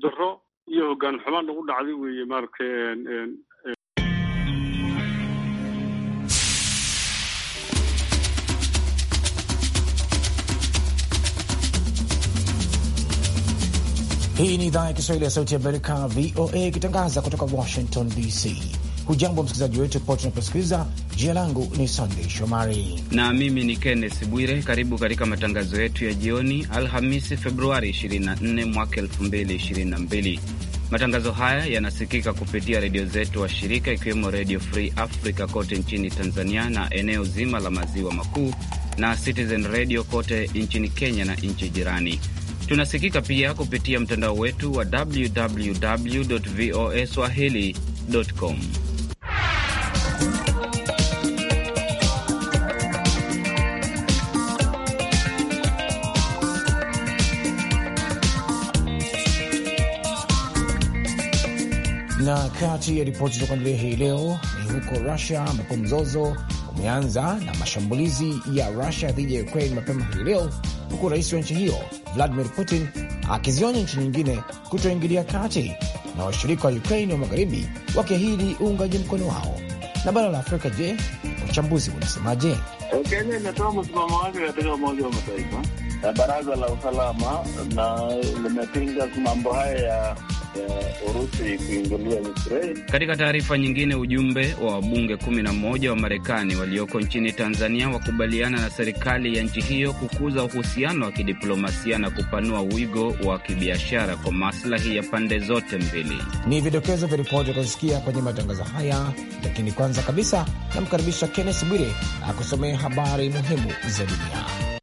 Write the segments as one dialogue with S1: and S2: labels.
S1: daro iyo hoggaan xumaan nagu dhacday weeye marka
S2: Hii ni idhaa ya Kiswahili ya Sauti ya Amerika, VOA, ikitangaza kutoka Washington DC. Hujambo msikilizaji wetu popote unaposikiliza. Jina langu ni Sandey Shomari
S3: na mimi ni Kennes Bwire. Karibu katika matangazo yetu ya jioni, Alhamisi Februari 24 mwaka 2022. Matangazo haya yanasikika kupitia redio zetu wa shirika ikiwemo Redio Free Africa kote nchini Tanzania na eneo zima la maziwa makuu na Citizen Radio kote nchini Kenya na nchi jirani. Tunasikika pia kupitia mtandao wetu wa www voa swahili.com.
S2: Na kati ya ripoti za kuandalia hii leo ni huko Rusia, ambapo mzozo umeanza na mashambulizi ya Rusia dhidi ya Ukraine mapema hii leo, huku rais wa nchi hiyo Vladimir Putin akizionya nchi nyingine kutoingilia kati na washirika wa Ukraine wa magharibi wakiahidi uungaji mkono wao. Na bara la Afrika, je, wachambuzi wanasemaje?
S4: Kenya imetoa msimamo wake katika Umoja wa Mataifa na Baraza la Usalama na limepinga mambo haya ya
S3: katika taarifa nyingine, ujumbe wa wabunge 11 wa Marekani walioko nchini Tanzania wakubaliana na serikali ya nchi hiyo kukuza uhusiano wa kidiplomasia na kupanua wigo wa kibiashara kwa maslahi ya pande zote mbili.
S2: Ni vidokezo vya ripoti utasikia kwenye matangazo haya, lakini kwanza kabisa namkaribisha kennes Bwire akusomea habari muhimu za dunia.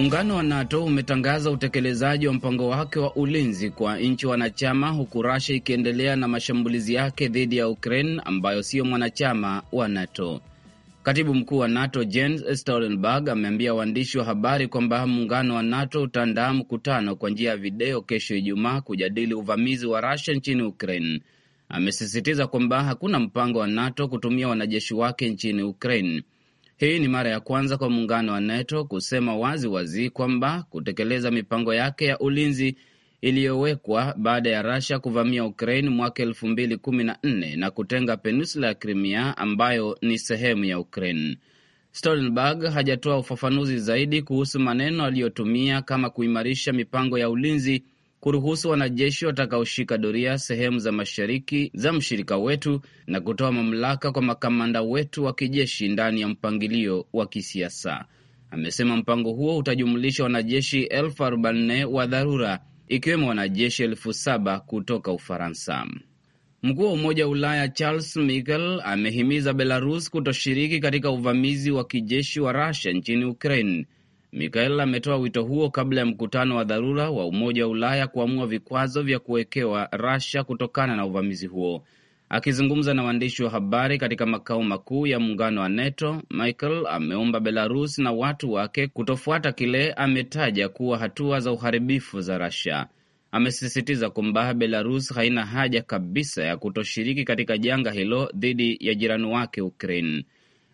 S3: Muungano wa NATO umetangaza utekelezaji wa mpango wake wa ulinzi kwa nchi wanachama, huku Russia ikiendelea na mashambulizi yake dhidi ya Ukraine ambayo siyo mwanachama wa NATO. Katibu mkuu wa NATO Jens Stoltenberg ameambia waandishi wa habari kwamba muungano wa NATO utaandaa mkutano kwa njia ya video kesho Ijumaa kujadili uvamizi wa Russia nchini Ukraine. Amesisitiza kwamba hakuna mpango wa NATO kutumia wanajeshi wake nchini Ukraine. Hii ni mara ya kwanza kwa muungano wa NATO kusema wazi wazi kwamba kutekeleza mipango yake ya ulinzi iliyowekwa baada ya Russia kuvamia Ukraine mwaka elfu mbili kumi na nne na kutenga peninsula ya Crimea ambayo ni sehemu ya Ukraine. Stoltenberg hajatoa ufafanuzi zaidi kuhusu maneno aliyotumia kama kuimarisha mipango ya ulinzi kuruhusu wanajeshi watakaoshika doria sehemu za mashariki za mshirika wetu na kutoa mamlaka kwa makamanda wetu wa kijeshi ndani ya mpangilio wa kisiasa. Amesema mpango huo utajumlisha wanajeshi elfu arobaini wa dharura ikiwemo wanajeshi elfu saba kutoka Ufaransa. Mkuu wa Umoja wa Ulaya Charles Michel amehimiza Belarus kutoshiriki katika uvamizi wa kijeshi wa Rusia nchini Ukraine Michael ametoa wito huo kabla ya mkutano wa dharura wa Umoja wa Ulaya kuamua vikwazo vya kuwekewa Russia kutokana na uvamizi huo. Akizungumza na waandishi wa habari katika makao makuu ya muungano wa NATO, Michael ameomba Belarus na watu wake kutofuata kile ametaja kuwa hatua za uharibifu za Russia. Amesisitiza kwamba Belarus haina haja kabisa ya kutoshiriki katika janga hilo dhidi ya jirani wake Ukraine.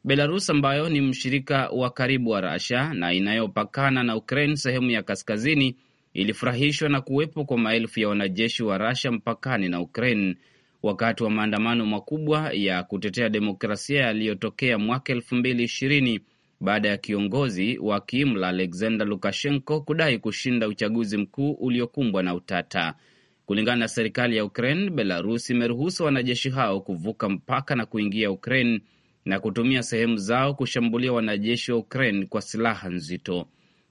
S3: Belarus ambayo ni mshirika wa karibu wa rasia na inayopakana na Ukraine sehemu ya kaskazini ilifurahishwa na kuwepo kwa maelfu ya wanajeshi wa rasia mpakani na Ukraine wakati wa maandamano makubwa ya kutetea demokrasia yaliyotokea mwaka elfu mbili ishirini baada ya kiongozi wa kiimla Alexander Lukashenko kudai kushinda uchaguzi mkuu uliokumbwa na utata. Kulingana na serikali ya Ukraine, Belarus imeruhusu wanajeshi hao kuvuka mpaka na kuingia Ukraine na kutumia sehemu zao kushambulia wanajeshi wa Ukraine kwa silaha nzito.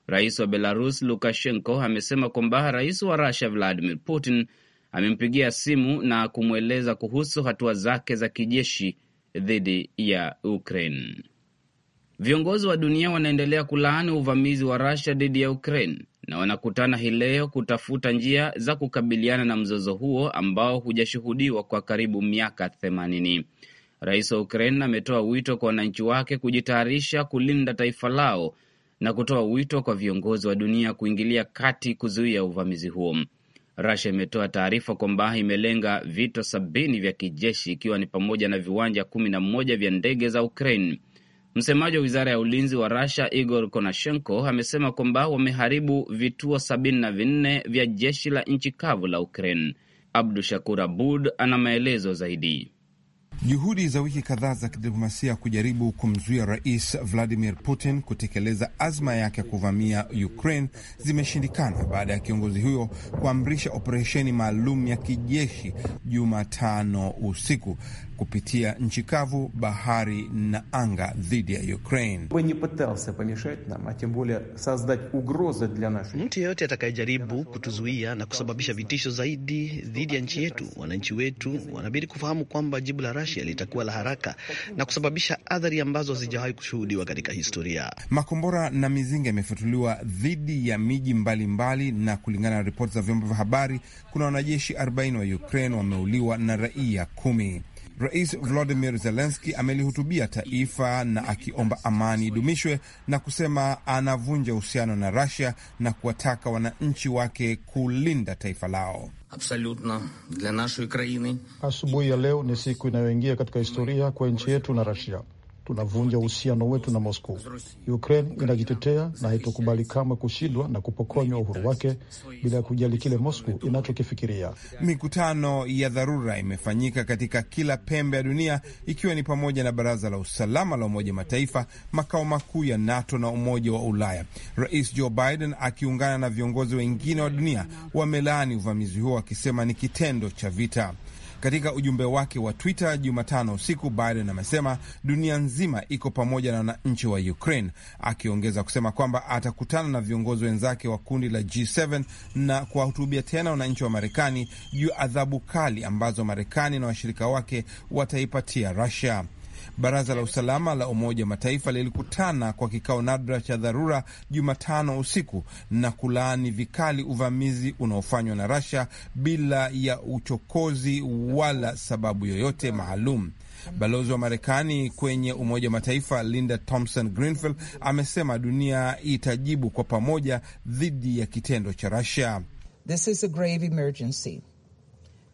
S3: Rais wa Belarus Lukashenko amesema kwamba rais wa Rusia Vladimir Putin amempigia simu na kumweleza kuhusu hatua zake za kijeshi dhidi ya Ukraine. Viongozi wa dunia wanaendelea kulaani uvamizi wa Rusia dhidi ya Ukraine na wanakutana hii leo kutafuta njia za kukabiliana na mzozo huo ambao hujashuhudiwa kwa karibu miaka themanini Rais wa ukrain ametoa wito kwa wananchi wake kujitayarisha kulinda taifa lao na kutoa wito kwa viongozi wa dunia kuingilia kati kuzuia uvamizi huo. Rasia imetoa taarifa kwamba imelenga vito sabini vya kijeshi ikiwa ni pamoja na viwanja kumi na moja vya ndege za Ukraine. Msemaji wa wizara ya ulinzi wa Rasia Igor Konashenko amesema kwamba wameharibu vituo sabini na vinne vya jeshi la nchi kavu la Ukraine. Abdu Shakur Abud ana maelezo zaidi.
S5: Juhudi za wiki kadhaa za kidiplomasia kujaribu kumzuia Rais Vladimir Putin kutekeleza azma yake ya kuvamia Ukraine zimeshindikana baada ya kiongozi huyo kuamrisha operesheni maalum ya kijeshi Jumatano usiku kupitia nchi kavu, bahari na anga dhidi ya Ukraine.
S6: Mtu yeyote atakayejaribu kutuzuia na kusababisha vitisho zaidi dhidi ya nchi yetu, wananchi wetu wanabidi kufahamu kwamba jibu la Rasia litakuwa la haraka na kusababisha athari ambazo hazijawahi kushuhudiwa katika historia.
S5: Makombora na mizinga imefutuliwa dhidi ya miji mbalimbali, na kulingana na ripoti za vyombo vya habari, kuna wanajeshi 40 wa Ukraine wameuliwa na raia kumi. Rais Volodymyr zelenski amelihutubia taifa na akiomba amani idumishwe na kusema anavunja uhusiano na rasia na kuwataka wananchi wake kulinda taifa lao.
S7: Asubuhi ya leo ni siku inayoingia katika historia kwa nchi yetu na rasia tunavunja uhusiano wetu na Moscow. Ukraine inajitetea na haitokubali kamwe kushindwa na kupokonywa uhuru wake bila ya kujali kile Moscow inachokifikiria.
S5: Mikutano ya dharura imefanyika katika kila pembe ya dunia, ikiwa ni pamoja na Baraza la Usalama la Umoja Mataifa, makao makuu ya NATO na Umoja wa Ulaya. Rais Joe Biden akiungana na viongozi wengine wa dunia wamelaani uvamizi huo, wakisema ni kitendo cha vita. Katika ujumbe wake wa Twitter Jumatano usiku, Biden amesema dunia nzima iko pamoja na wananchi wa Ukraine, akiongeza kusema kwamba atakutana na viongozi wenzake wa kundi la G7 na kuwahutubia tena wananchi wa Marekani juu adhabu kali ambazo Marekani na washirika wake wataipatia Rusia. Baraza la usalama la Umoja wa Mataifa lilikutana kwa kikao nadra cha dharura Jumatano usiku na kulaani vikali uvamizi unaofanywa na Russia bila ya uchokozi wala sababu yoyote maalum. Balozi wa Marekani kwenye Umoja wa Mataifa Linda Thompson Greenfield amesema dunia itajibu kwa pamoja dhidi ya kitendo cha Russia.
S2: This is a grave
S3: emergency.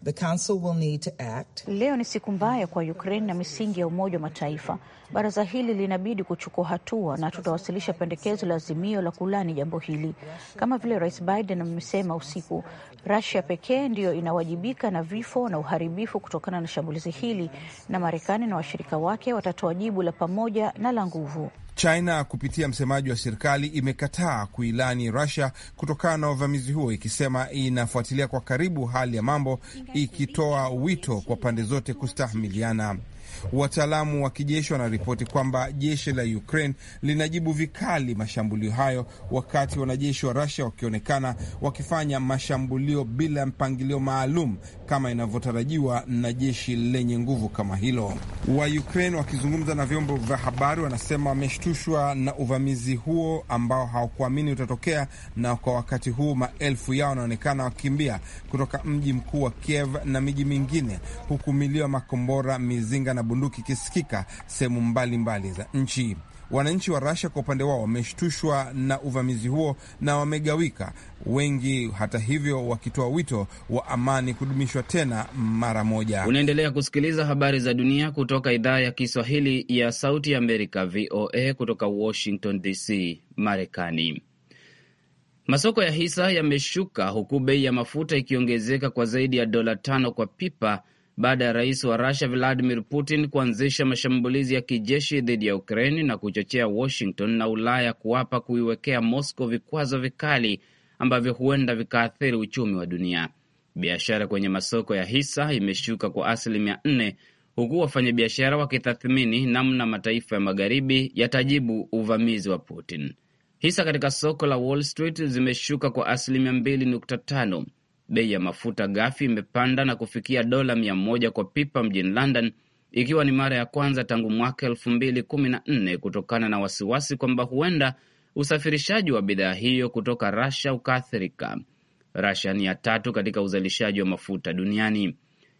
S3: The council will need to act. Leo ni siku mbaya kwa Ukraine na misingi ya Umoja wa Mataifa. Baraza hili linabidi kuchukua hatua na tutawasilisha pendekezo la azimio la kulani jambo hili. Kama vile Rais Biden amesema usiku, Russia pekee ndiyo inawajibika na vifo na uharibifu kutokana na shambulizi hili na Marekani na washirika wake watatoa jibu la pamoja na la nguvu.
S5: China kupitia msemaji wa serikali imekataa kuilani rasia kutokana na uvamizi huo, ikisema inafuatilia kwa karibu hali ya mambo, ikitoa wito kwa pande zote kustahimiliana. Wataalamu wa kijeshi wanaripoti kwamba jeshi la Ukraine linajibu vikali mashambulio hayo, wakati wanajeshi wa Russia wakionekana wakifanya mashambulio bila mpangilio maalum kama inavyotarajiwa na jeshi lenye nguvu kama hilo. Wa Ukraine wakizungumza na vyombo vya habari wanasema wameshtushwa na uvamizi huo ambao hawakuamini utatokea, na kwa wakati huu maelfu yao wanaonekana wakimbia kutoka mji mkuu wa Kiev na miji mingine, huku milio ya makombora, mizinga na bunduki ikisikika sehemu mbalimbali za nchi. Wananchi wa rasia kwa upande wao wameshtushwa na uvamizi huo na wamegawika, wengi hata hivyo wakitoa wito wa amani kudumishwa tena mara moja.
S3: Unaendelea kusikiliza habari za dunia kutoka idhaa ya Kiswahili ya Sauti ya Amerika, VOA, kutoka Washington DC, Marekani. Masoko ya hisa yameshuka huku bei ya mafuta ikiongezeka kwa zaidi ya dola tano kwa pipa baada ya rais wa Rusia Vladimir Putin kuanzisha mashambulizi ya kijeshi dhidi ya Ukraini na kuchochea Washington na Ulaya kuapa kuiwekea Moscow vikwazo vikali ambavyo huenda vikaathiri uchumi wa dunia. Biashara kwenye masoko ya hisa imeshuka kwa asilimia nne huku wafanyabiashara wakitathmini namna mataifa ya magharibi yatajibu uvamizi wa Putin. Hisa katika soko la Wall Street zimeshuka kwa asilimia mbili nukta tano Bei ya mafuta ghafi imepanda na kufikia dola mia moja kwa pipa mjini London, ikiwa ni mara ya kwanza tangu mwaka elfu mbili kumi na nne kutokana na wasiwasi kwamba huenda usafirishaji wa bidhaa hiyo kutoka rasha ukaathirika. rasia ni ya tatu katika uzalishaji wa mafuta duniani.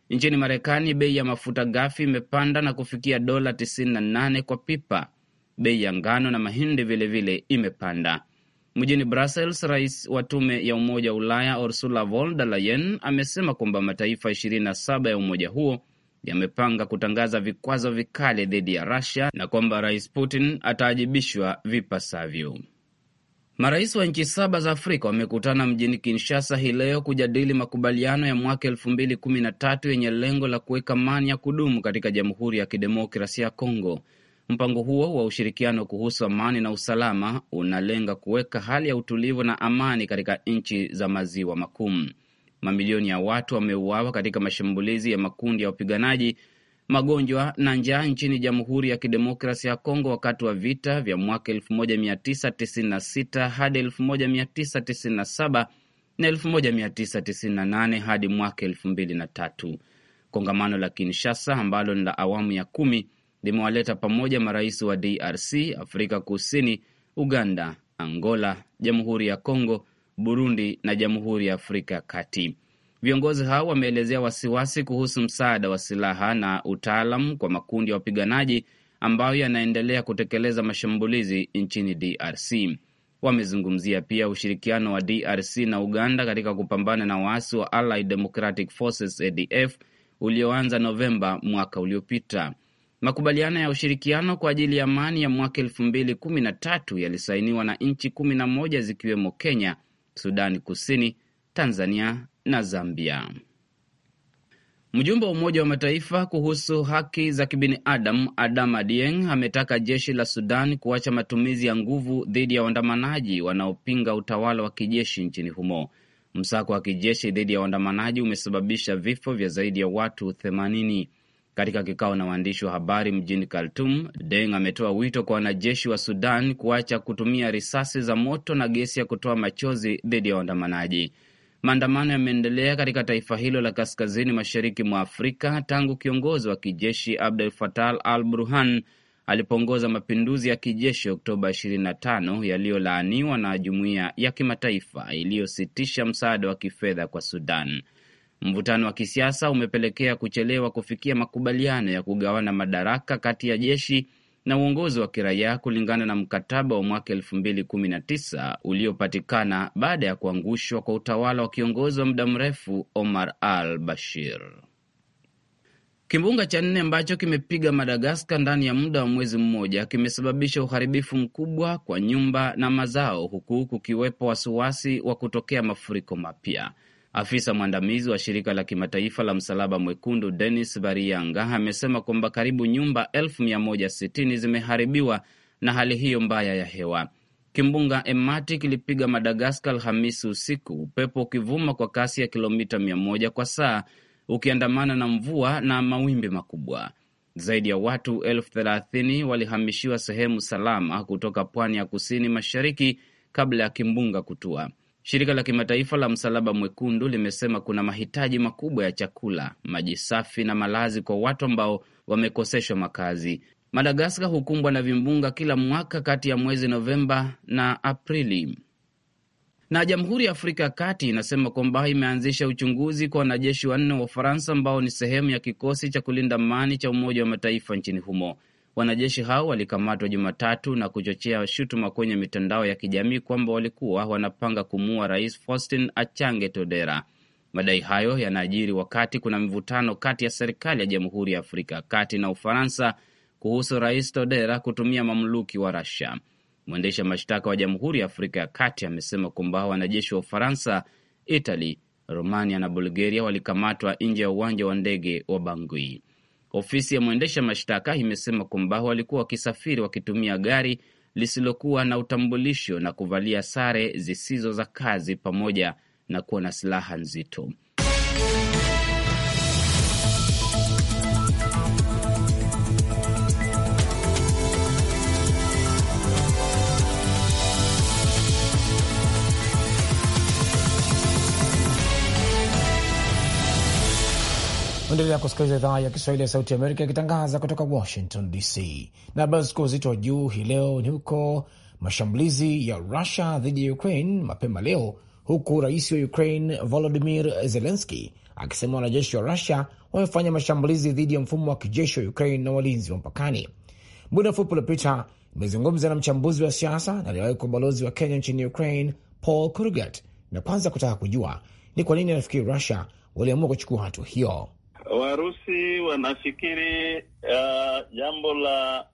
S3: Nchini Marekani, bei ya mafuta ghafi imepanda na kufikia dola 98 kwa pipa. Bei ya ngano na mahindi vilevile vile imepanda. Mjini Brussels, rais wa tume ya Umoja wa Ulaya Ursula von der Leyen amesema kwamba mataifa 27 ya umoja huo yamepanga kutangaza vikwazo vikali dhidi ya rusia na kwamba rais Putin ataajibishwa vipasavyo. Marais wa nchi saba za Afrika wamekutana mjini Kinshasa hii leo kujadili makubaliano ya mwaka elfu mbili kumi na tatu yenye lengo la kuweka amani ya kudumu katika Jamhuri ya Kidemokrasia ya Kongo. Mpango huo wa ushirikiano kuhusu amani na usalama unalenga kuweka hali ya utulivu na amani katika nchi za maziwa makuu. Mamilioni ya watu wameuawa katika mashambulizi ya makundi ya wapiganaji, magonjwa na njaa nchini Jamhuri ya Kidemokrasia ya Kongo wakati wa vita vya mwaka 1996 hadi 1997 na 1998 hadi mwaka 2003. Kongamano la Kinshasa ambalo ni la awamu ya kumi limewaleta pamoja marais wa DRC, Afrika Kusini, Uganda, Angola, Jamhuri ya Kongo, Burundi na Jamhuri ya Afrika ya Kati. Viongozi hao wameelezea wasiwasi kuhusu msaada wa silaha na utaalam kwa makundi ya wapiganaji ambayo yanaendelea kutekeleza mashambulizi nchini DRC. Wamezungumzia pia ushirikiano wa DRC na Uganda katika kupambana na waasi wa Allied Democratic Forces ADF ulioanza Novemba mwaka uliopita. Makubaliano ya ushirikiano kwa ajili ya amani ya mwaka elfu mbili kumi na tatu yalisainiwa na nchi kumi na moja zikiwemo Kenya, Sudani Kusini, Tanzania na Zambia. Mjumbe wa Umoja wa Mataifa kuhusu haki za kibinadamu Adam Adieng ametaka jeshi la Sudan kuacha matumizi ya nguvu dhidi ya waandamanaji wanaopinga utawala wa kijeshi nchini humo. Msako wa kijeshi dhidi ya waandamanaji umesababisha vifo vya zaidi ya watu themanini katika kikao na waandishi wa habari mjini khartum Deng ametoa wito kwa wanajeshi wa Sudan kuacha kutumia risasi za moto na gesi ya kutoa machozi dhidi ya waandamanaji. Maandamano yameendelea katika taifa hilo la kaskazini mashariki mwa Afrika tangu kiongozi wa kijeshi Abdel Fattah al Burhan alipoongoza mapinduzi ya kijeshi Oktoba 25 yaliyolaaniwa na jumuiya ya kimataifa iliyositisha msaada wa kifedha kwa Sudan. Mvutano wa kisiasa umepelekea kuchelewa kufikia makubaliano ya kugawana madaraka kati ya jeshi na uongozi wa kiraia kulingana na mkataba wa mwaka elfu mbili kumi na tisa uliopatikana baada ya kuangushwa kwa utawala wa kiongozi wa muda mrefu Omar al Bashir. Kimbunga cha nne ambacho kimepiga Madagaskar ndani ya muda wa mwezi mmoja kimesababisha uharibifu mkubwa kwa nyumba na mazao, huku kukiwepo wasiwasi wa kutokea mafuriko mapya. Afisa mwandamizi wa shirika la kimataifa la Msalaba Mwekundu Denis Barianga amesema kwamba karibu nyumba elfu zimeharibiwa na hali hiyo mbaya ya hewa. Kimbunga Emati kilipiga Madagaskar Alhamisi usiku, upepo ukivuma kwa kasi ya kilomita 1 kwa saa ukiandamana na mvua na mawimbi makubwa. Zaidi ya watu elfu thelathini walihamishiwa sehemu salama kutoka pwani ya kusini mashariki kabla ya kimbunga kutua. Shirika la kimataifa la Msalaba Mwekundu limesema kuna mahitaji makubwa ya chakula, maji safi na malazi kwa watu ambao wamekoseshwa makazi. Madagaskar hukumbwa na vimbunga kila mwaka kati ya mwezi Novemba na Aprili. Na Jamhuri ya Afrika ya Kati inasema kwamba imeanzisha uchunguzi kwa wanajeshi wanne wa Ufaransa ambao ni sehemu ya kikosi cha kulinda amani cha Umoja wa Mataifa nchini humo. Wanajeshi hao walikamatwa Jumatatu na kuchochea shutuma kwenye mitandao ya kijamii kwamba walikuwa wanapanga kumuua Rais Faustin Achange Todera. Madai hayo yanaajiri wakati kuna mvutano kati ya serikali ya Jamhuri ya Afrika ya Kati na Ufaransa kuhusu Rais Todera kutumia mamluki wa rasia Mwendesha mashtaka wa Jamhuri ya Afrika ya Kati amesema kwamba wanajeshi wa Ufaransa, Italy, Romania na Bulgaria walikamatwa nje ya uwanja wa ndege wa Bangui. Ofisi ya mwendesha mashtaka imesema kwamba walikuwa wakisafiri wakitumia gari lisilokuwa na utambulisho na kuvalia sare zisizo za kazi pamoja na kuwa na silaha nzito.
S2: Endelea kusikiliza idhaa ya Kiswahili ya Sauti Amerika ikitangaza kutoka Washington DC. Na basi kwa uzito wa juu hii leo ni huko mashambulizi ya Rusia dhidi ya Ukraine mapema leo, huku rais wa Ukraine Volodimir Zelenski akisema wanajeshi wa Rusia wamefanya mashambulizi dhidi ya mfumo wa kijeshi wa Ukraine na walinzi wa mpakani. Muda mfupi uliopita imezungumza na mchambuzi wa siasa na aliyewahi kuwa balozi wa Kenya nchini Ukraine Paul Kurgat, na kwanza kutaka kujua ni kwa nini anafikiri Rusia waliamua kuchukua hatua hiyo.
S4: Warusi wanafikiri uh, jambo la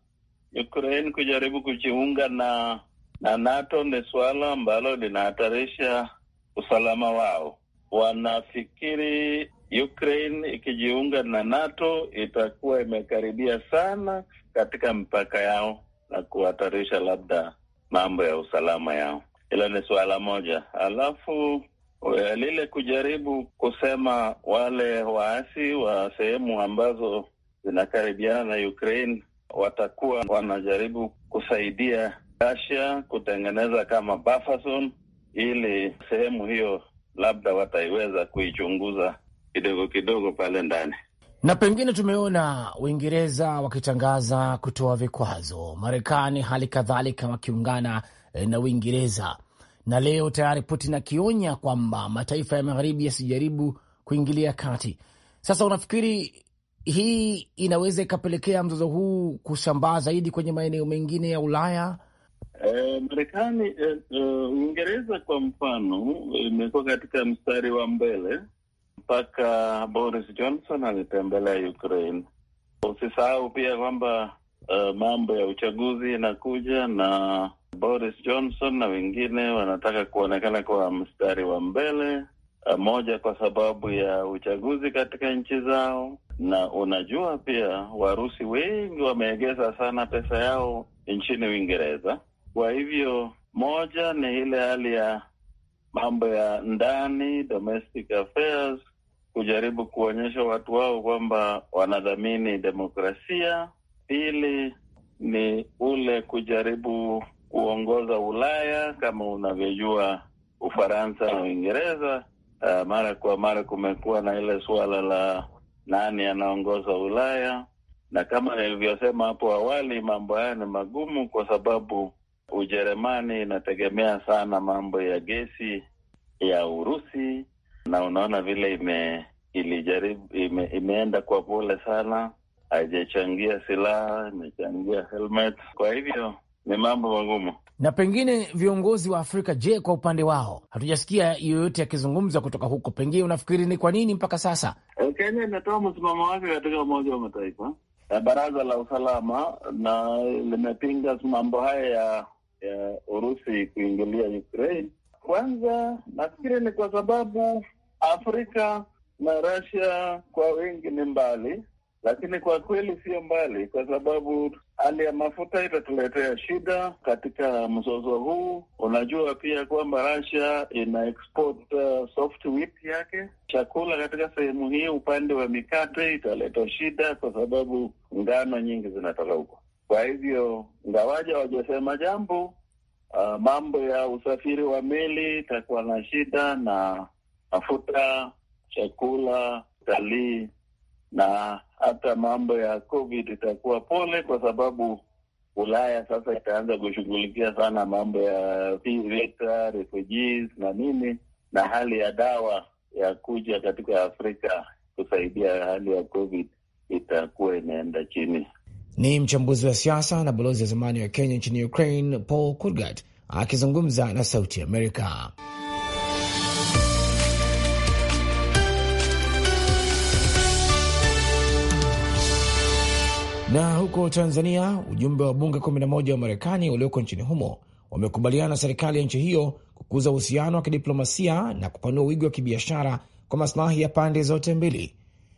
S4: Ukraine kujaribu kujiunga na na NATO ni suala ambalo linahatarisha usalama wao. Wanafikiri Ukraine ikijiunga na NATO itakuwa imekaribia sana katika mpaka yao na kuhatarisha labda mambo ya usalama yao. Ila ni suala moja, alafu Eh, lile kujaribu kusema wale waasi wa sehemu ambazo zinakaribiana na Ukraine watakuwa wanajaribu kusaidia Russia kutengeneza kama buffer zone, ili sehemu hiyo labda wataiweza kuichunguza kidogo kidogo pale ndani.
S2: Na pengine tumeona Uingereza wakitangaza kutoa vikwazo, Marekani hali kadhalika wakiungana eh, na Uingereza na leo tayari Putin akionya kwamba mataifa ya magharibi yasijaribu kuingilia kati. Sasa unafikiri hii inaweza ikapelekea mzozo huu kusambaa zaidi kwenye maeneo mengine ya Ulaya?
S4: E, Marekani, eh, eh, Uingereza e, e, kwa mfano imekuwa katika mstari wa mbele mpaka Boris Johnson alitembelea Ukraine. Usisahau pia kwamba eh, mambo ya uchaguzi inakuja na Boris Johnson na wengine wanataka kuonekana kwa mstari wa mbele, eh, moja kwa sababu ya uchaguzi katika nchi zao, na unajua pia Warusi wengi wameegeza sana pesa yao nchini Uingereza. Kwa hivyo moja ni ile hali ya mambo ya ndani, domestic affairs, kujaribu kuonyesha watu wao kwamba wanadhamini demokrasia. Pili ni ule kujaribu kuongoza Ulaya. Kama unavyojua, Ufaransa na Uingereza uh, mara kwa mara kumekuwa na ile suala la nani anaongoza Ulaya, na kama nilivyosema hapo awali, mambo haya ni magumu kwa sababu Ujerumani inategemea sana mambo ya gesi ya Urusi, na unaona vile ime, ilijaribu, ime, imeenda kwa pole sana, haijachangia silaha, imechangia helmet. Kwa hivyo ni mambo magumu.
S2: Na pengine viongozi wa Afrika, je, kwa upande wao hatujasikia yoyote yakizungumza kutoka huko, pengine unafikiri ni kwa nini mpaka sasa?
S4: Eh, Kenya inatoa msimamo wake katika Umoja wa Mataifa, eh, Baraza la Usalama, na limepinga mambo haya ya, ya Urusi kuingilia Ukraine. Kwanza nafikiri ni kwa sababu Afrika na Russia kwa wingi ni mbali lakini kwa kweli sio mbali, kwa sababu hali ya mafuta itatuletea shida katika mzozo huu. Unajua pia kwamba Russia ina export uh, soft wheat yake, chakula katika sehemu hii. Upande wa mikate italeta shida, kwa sababu ngano nyingi zinatoka huko. Kwa hivyo ngawaja wajasema jambo uh, mambo ya usafiri wa meli itakuwa na shida, na mafuta, chakula, utalii na hata mambo ya COVID itakuwa pole, kwa sababu Ulaya sasa itaanza kushughulikia sana mambo ya vita, refugees na nini, na hali ya dawa ya kuja katika Afrika kusaidia hali ya COVID itakuwa inaenda chini.
S2: Ni mchambuzi wa siasa na balozi wa zamani wa Kenya nchini Ukraine Paul Kurgat akizungumza na Sauti Amerika. huko Tanzania, ujumbe wa bunge 11 wa Marekani ulioko nchini humo wamekubaliana na serikali ya nchi hiyo kukuza uhusiano wa kidiplomasia na kupanua wigo wa kibiashara kwa masilahi ya pande zote mbili.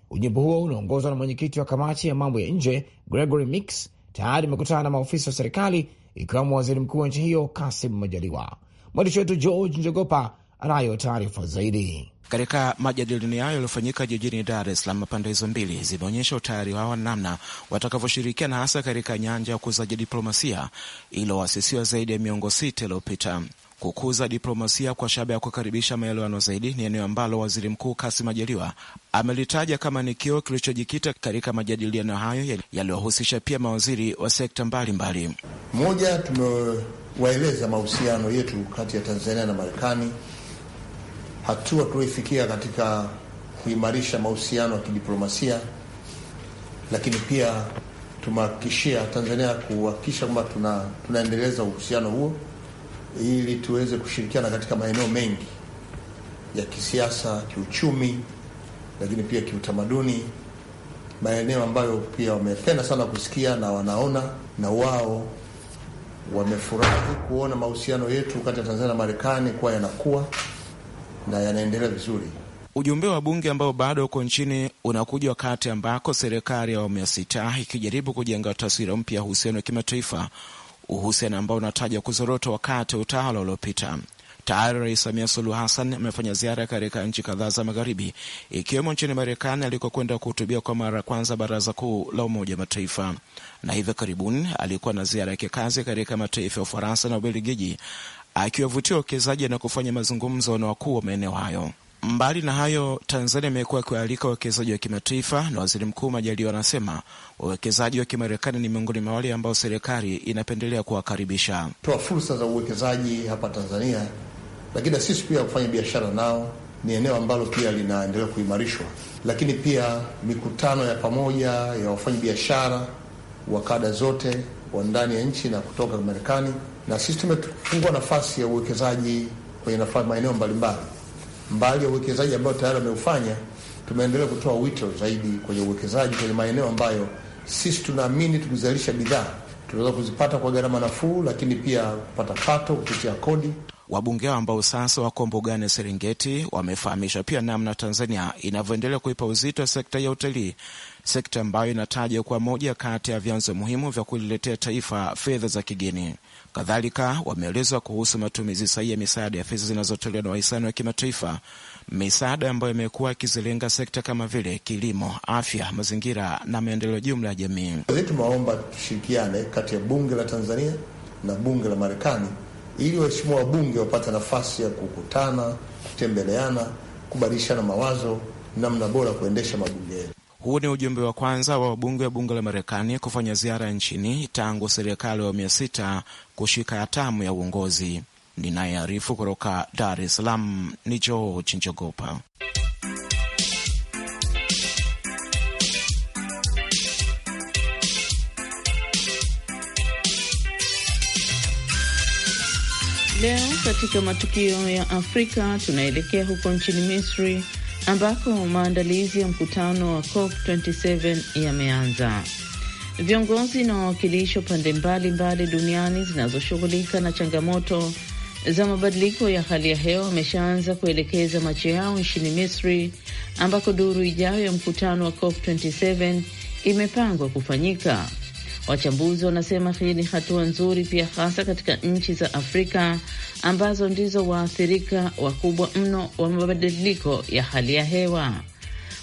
S2: Ujumbe huo unaongozwa na mwenyekiti wa kamati ya mambo ya nje Gregory Mix tayari imekutana na maofisa wa serikali ikiwemo waziri mkuu wa nchi hiyo Kasim Majaliwa. Mwandishi wetu George Njogopa anayo taarifa zaidi.
S6: Katika majadiliano hayo yaliyofanyika jijini Dar es Salaam, pande hizo mbili zimeonyesha utayari wao namna watakavyoshirikiana hasa katika nyanja ya ukuzaji diplomasia iliyoasisiwa zaidi ya miongo sita iliyopita. Kukuza diplomasia kwa shabaha ya kukaribisha maelewano zaidi ni eneo ambalo waziri mkuu Kassim Majaliwa amelitaja kama ni kio kilichojikita katika majadiliano hayo yaliyohusisha pia mawaziri wa sekta mbalimbali.
S7: Moja, tumewaeleza mahusiano yetu kati ya Tanzania na Marekani hatua tulioifikia katika kuimarisha mahusiano ya kidiplomasia, lakini pia tumehakikishia Tanzania kuhakikisha kwamba tuna, tunaendeleza uhusiano huo ili tuweze kushirikiana katika maeneo mengi ya kisiasa, kiuchumi, lakini pia kiutamaduni, maeneo ambayo pia wamependa sana kusikia na wanaona na wao wamefurahi kuona mahusiano yetu kati ya Tanzania na Marekani kuwa yanakuwa na yanaendelea vizuri. Ujumbe wa bunge ambao
S6: bado uko nchini unakuja wakati ambako serikali ya awamu ya sita ikijaribu kujenga taswira mpya ya uhusiano wa kimataifa, uhusiano ambao unataja kuzorota wakati wa utawala uliopita. Tayari Rais Samia Suluhu Hassan amefanya ziara katika nchi kadhaa za magharibi ikiwemo nchini Marekani alikokwenda kuhutubia kwa mara ya kwanza Baraza Kuu la Umoja wa Mataifa, na hivi karibuni alikuwa na ziara ya kikazi katika mataifa ya Ufaransa na Ubelgiji akiwavutia wawekezaji na kufanya mazungumzo na wakuu wa maeneo hayo. Mbali na hayo, Tanzania imekuwa ikiwaalika wawekezaji wa kimataifa, na waziri mkuu Majaliwa anasema wawekezaji wa Kimarekani ni miongoni mwa wale ambao serikali inapendelea kuwakaribisha,
S7: toa fursa za uwekezaji hapa Tanzania, lakini na sisi pia kufanya biashara nao. Ni eneo ambalo pia linaendelea kuimarishwa, lakini pia mikutano ya pamoja ya wafanyabiashara wa kada zote wa ndani ya nchi na kutoka Marekani na sisi tumefungua nafasi ya uwekezaji kwenye maeneo mbalimbali. Mbali ya uwekezaji ambao tayari wameufanya, tumeendelea kutoa wito zaidi kwenye uwekezaji kwenye maeneo ambayo sisi tunaamini tukizalisha bidhaa tunaweza kuzipata kwa gharama nafuu, lakini pia kupata pato kupitia kodi.
S6: Wabunge hao ambao sasa wako mbugani Serengeti wamefahamisha pia namna Tanzania inavyoendelea kuipa uzito sekta ya utalii sekta ambayo inatajwa kuwa moja kati ya vyanzo muhimu vya kuliletea taifa fedha za kigeni. Kadhalika, wameelezwa kuhusu matumizi sahihi ya misaada ya fedha zinazotolewa na wahisani wa kimataifa, misaada ambayo imekuwa ikizilenga sekta kama vile kilimo, afya, mazingira na maendeleo jumla ya jamii.
S7: Tumewaomba tushirikiane kati ya bunge la Tanzania na bunge la Marekani ili waheshimiwa wabunge wapate nafasi ya kukutana, kutembeleana, kubadilishana mawazo, namna bora kuendesha mabunge yetu.
S6: Huu ni ujumbe wa kwanza wa wabunge wa bunge la Marekani kufanya ziara nchini tangu serikali ya awamu ya sita kushika hatamu ya uongozi. Ninayearifu kutoka Dar es Salaam ni George Njogopa.
S3: Leo katika matukio ya Afrika tunaelekea huko nchini Misri ambapo maandalizi ya mkutano wa COP 27 yameanza. Viongozi na wawakilishi wa pande mbalimbali duniani zinazoshughulika na changamoto za mabadiliko ya hali ya hewa wameshaanza kuelekeza macho yao nchini Misri ambako duru ijayo ya mkutano wa COP 27 imepangwa kufanyika. Wachambuzi wanasema hii ni hatua nzuri pia, hasa katika nchi za Afrika ambazo ndizo waathirika wakubwa mno wa mabadiliko ya hali ya hewa.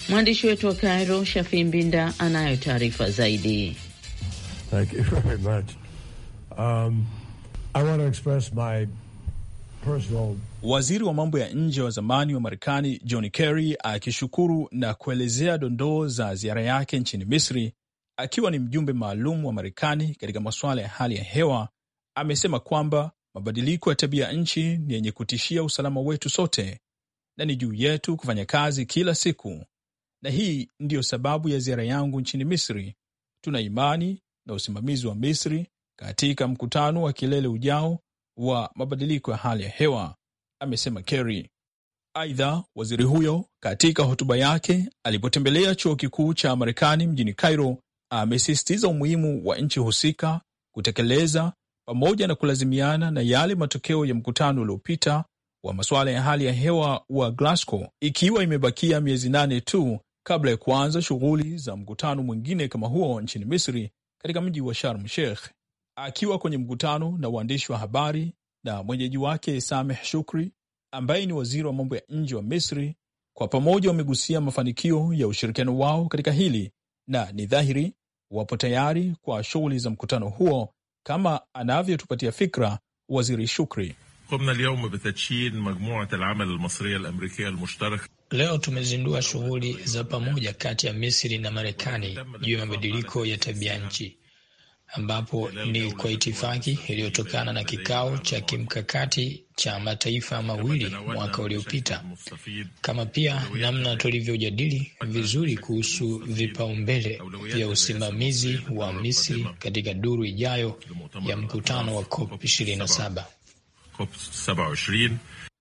S3: Mwandishi wetu wa Cairo, Shafi Mbinda, anayo taarifa zaidi.
S7: Thank you very much. Um, I want to express my
S8: personal... Waziri wa mambo ya nje wa zamani wa Marekani John Kerry akishukuru na kuelezea dondoo za ziara yake nchini Misri akiwa ni mjumbe maalum wa Marekani katika masuala ya hali ya hewa, amesema kwamba mabadiliko ya tabia nchi ni yenye kutishia usalama wetu sote na ni juu yetu kufanya kazi kila siku, na hii ndiyo sababu ya ziara yangu nchini Misri. Tuna imani na usimamizi wa Misri katika mkutano wa kilele ujao wa mabadiliko ya hali ya hewa, amesema Kerry. Aidha, waziri huyo katika hotuba yake alipotembelea chuo kikuu cha Marekani mjini Cairo amesisitiza umuhimu wa nchi husika kutekeleza pamoja na kulazimiana na yale matokeo ya mkutano uliopita wa masuala ya hali ya hewa wa Glasgow, ikiwa imebakia miezi nane tu kabla ya kuanza shughuli za mkutano mwingine kama huo nchini Misri katika mji wa Sharm Sheikh. Akiwa kwenye mkutano na waandishi wa habari na mwenyeji wake Sameh Shukri ambaye ni waziri wa mambo ya nje wa Misri, kwa pamoja wamegusia mafanikio ya ushirikiano wao katika hili, na ni dhahiri wapo tayari kwa shughuli za mkutano huo, kama anavyotupatia fikra Waziri Shukri. Leo tumezindua shughuli za pamoja kati ya Misri na Marekani juu ya mabadiliko ya tabia nchi ambapo ni kwa itifaki iliyotokana na kikao cha kimkakati cha mataifa mawili mwaka uliopita, kama pia namna tulivyojadili vizuri kuhusu vipaumbele vya usimamizi wa Misri katika duru ijayo ya mkutano wa COP 27.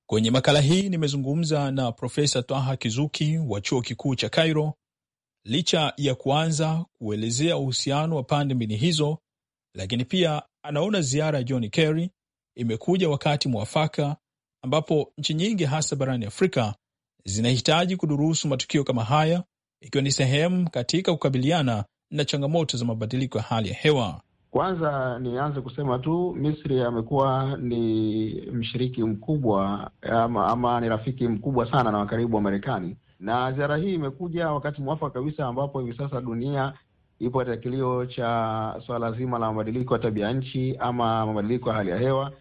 S8: Kwenye makala hii nimezungumza na Profesa Taha Kizuki wa chuo kikuu cha Cairo licha ya kuanza kuelezea uhusiano wa pande mbili hizo, lakini pia anaona ziara ya John Kerry imekuja wakati mwafaka ambapo nchi nyingi hasa barani Afrika zinahitaji kudurusu matukio kama haya, ikiwa ni sehemu katika kukabiliana na changamoto za mabadiliko ya hali ya hewa.
S1: Kwanza nianze kusema tu, Misri amekuwa ni mshiriki mkubwa ama, ama ni rafiki mkubwa sana na wakaribu wa Marekani na ziara hii imekuja wakati mwafaka kabisa ambapo hivi sasa dunia ipo katika kilio cha swala zima la mabadiliko ya tabia nchi ama mabadiliko ya hali ya hewa.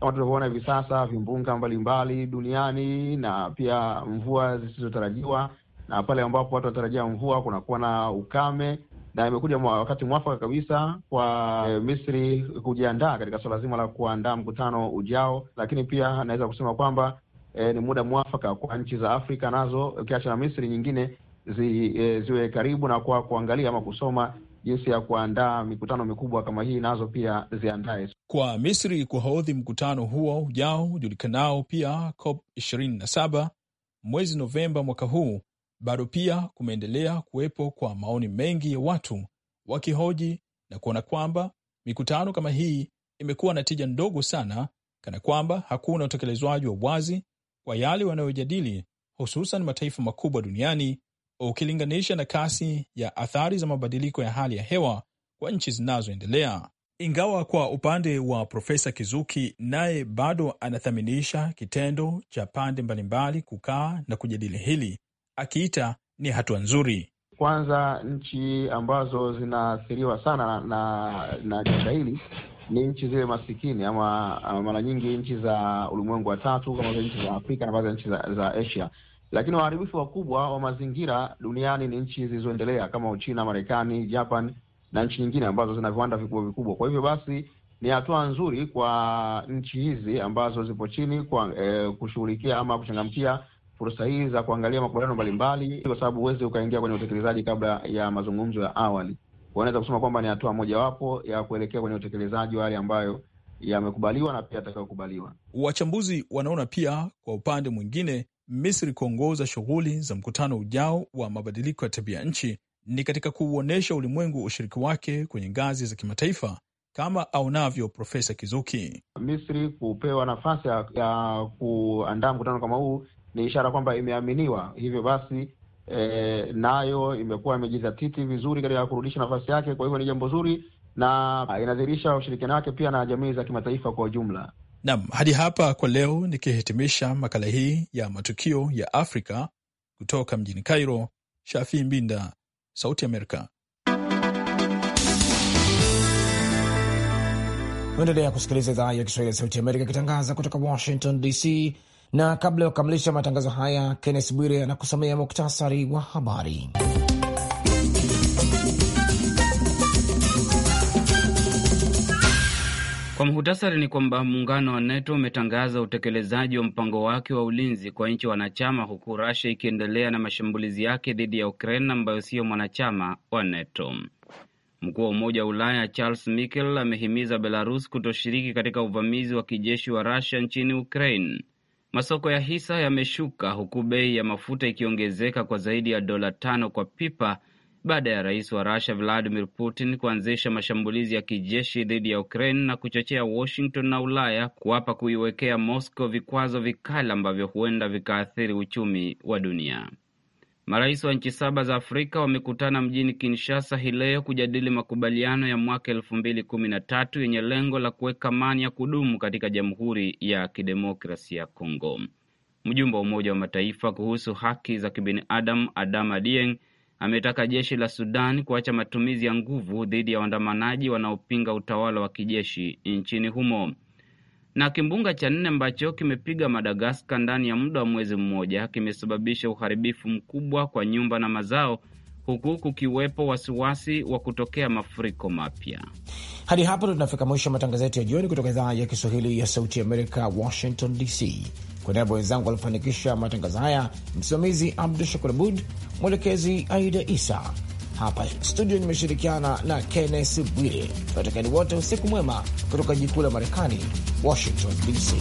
S1: Kama tunavyoona hivi sasa vimbunga mbalimbali duniani na pia mvua zisizotarajiwa, na pale ambapo watu wanatarajia mvua kunakuwa na ukame, na imekuja wakati mwafaka kabisa kwa e, Misri kujiandaa katika swala zima la kuandaa mkutano ujao. Lakini pia naweza kusema kwamba e, ni muda mwafaka kwa nchi za Afrika nazo ukiacha na Misri nyingine zi, e, ziwe karibu na kwa kuangalia ama kusoma jinsi ya kuandaa mikutano mikubwa kama hii, nazo pia ziandae
S8: kwa Misri kuhodhi mkutano huo ujao ujulikanao pia COP 27 mwezi Novemba mwaka huu. Bado pia kumeendelea kuwepo kwa maoni mengi ya watu wakihoji na kuona kwamba mikutano kama hii imekuwa na tija ndogo sana, kana kwamba hakuna utekelezwaji wa wazi kwa yale wanayojadili, hususan mataifa makubwa duniani ukilinganisha na kasi ya athari za mabadiliko ya hali ya hewa kwa nchi zinazoendelea. Ingawa kwa upande wa Profesa Kizuki, naye bado anathaminisha kitendo cha pande mbalimbali kukaa na kujadili hili, akiita ni hatua nzuri.
S1: Kwanza nchi ambazo zinaathiriwa sana na na janga hili ni nchi zile masikini ama, ama mara nyingi nchi za ulimwengu wa tatu kama vile nchi za Afrika na baadhi ya nchi za, za Asia. Lakini waharibifu wakubwa wa mazingira duniani ni nchi zilizoendelea kama Uchina, Marekani, Japan na nchi nyingine ambazo zina viwanda vikubwa vikubwa. Kwa hivyo basi ni hatua nzuri kwa nchi hizi ambazo zipo chini kwa e, kushughulikia ama kuchangamkia fursa hii za kuangalia makubaliano mbalimbali, kwa sababu huwezi ukaingia kwenye utekelezaji kabla ya mazungumzo ya awali wanaweza kusema kwamba ni hatua mojawapo ya kuelekea kwenye utekelezaji wa yale ambayo yamekubaliwa na pia atakayokubaliwa.
S8: Wachambuzi wanaona pia kwa upande mwingine, Misri kuongoza shughuli za mkutano ujao wa mabadiliko ya tabia nchi ni katika kuuonyesha ulimwengu ushiriki wake kwenye ngazi za kimataifa, kama aonavyo Profesa Kizuki. Misri kupewa nafasi ya
S1: kuandaa mkutano kama huu ni ishara kwamba imeaminiwa, hivyo basi e, nayo imekuwa imejizatiti vizuri katika kurudisha nafasi yake. Kwa hivyo ni jambo zuri na inadhihirisha ushirikiano wake pia na jamii za kimataifa kwa ujumla.
S8: nam hadi hapa kwa leo nikihitimisha makala hii ya matukio ya Afrika kutoka mjini Cairo, Shafii Mbinda, Sauti Amerika.
S2: Unaendelea kusikiliza idhaa ya Kiswahili ya Sauti Amerika ikitangaza kutoka Washington DC. Na kabla ya kukamilisha matangazo haya, Kennes Bwire anakusomea muktasari wa habari.
S3: Kwa muhtasari ni kwamba muungano wa NATO umetangaza utekelezaji wa mpango wake wa ulinzi kwa nchi wanachama, huku rasia ikiendelea na mashambulizi yake dhidi ya Ukraine ambayo siyo mwanachama wa NATO. Mkuu wa Umoja wa Ulaya Charles Michel amehimiza Belarus kutoshiriki katika uvamizi wa kijeshi wa rasia nchini Ukraine. Masoko ya hisa yameshuka huku bei ya mafuta ikiongezeka kwa zaidi ya dola tano kwa pipa baada ya rais wa Rusia Vladimir Putin kuanzisha mashambulizi ya kijeshi dhidi ya Ukraine na kuchochea Washington na Ulaya kuapa kuiwekea Moscow vikwazo vikali ambavyo huenda vikaathiri uchumi wa dunia. Marais wa nchi saba za Afrika wamekutana mjini Kinshasa hii leo kujadili makubaliano ya mwaka elfu mbili kumi na tatu yenye lengo la kuweka amani ya kudumu katika Jamhuri ya Kidemokrasia ya congo Mjumbe wa Umoja wa Mataifa kuhusu haki za kibinadamu Adama Dieng ametaka jeshi la Sudan kuacha matumizi ya nguvu dhidi ya waandamanaji wanaopinga utawala wa kijeshi nchini humo na kimbunga cha nne ambacho kimepiga Madagaskar ndani ya muda wa mwezi mmoja kimesababisha uharibifu mkubwa kwa nyumba na mazao huku kukiwepo wasiwasi wa kutokea mafuriko mapya.
S2: Hadi hapo tunafika mwisho wa matangazo yetu ya jioni kutoka idhaa ya Kiswahili ya Sauti ya Amerika, Washington DC. Kwa niaba wenzangu walifanikisha matangazo haya, msimamizi Abdu Shakur Abud, mwelekezi Aida Isa. Hapa studio nimeshirikiana na Kennes Bwire. Watakeni wote usiku mwema kutoka jikuu la Marekani, Washington DC.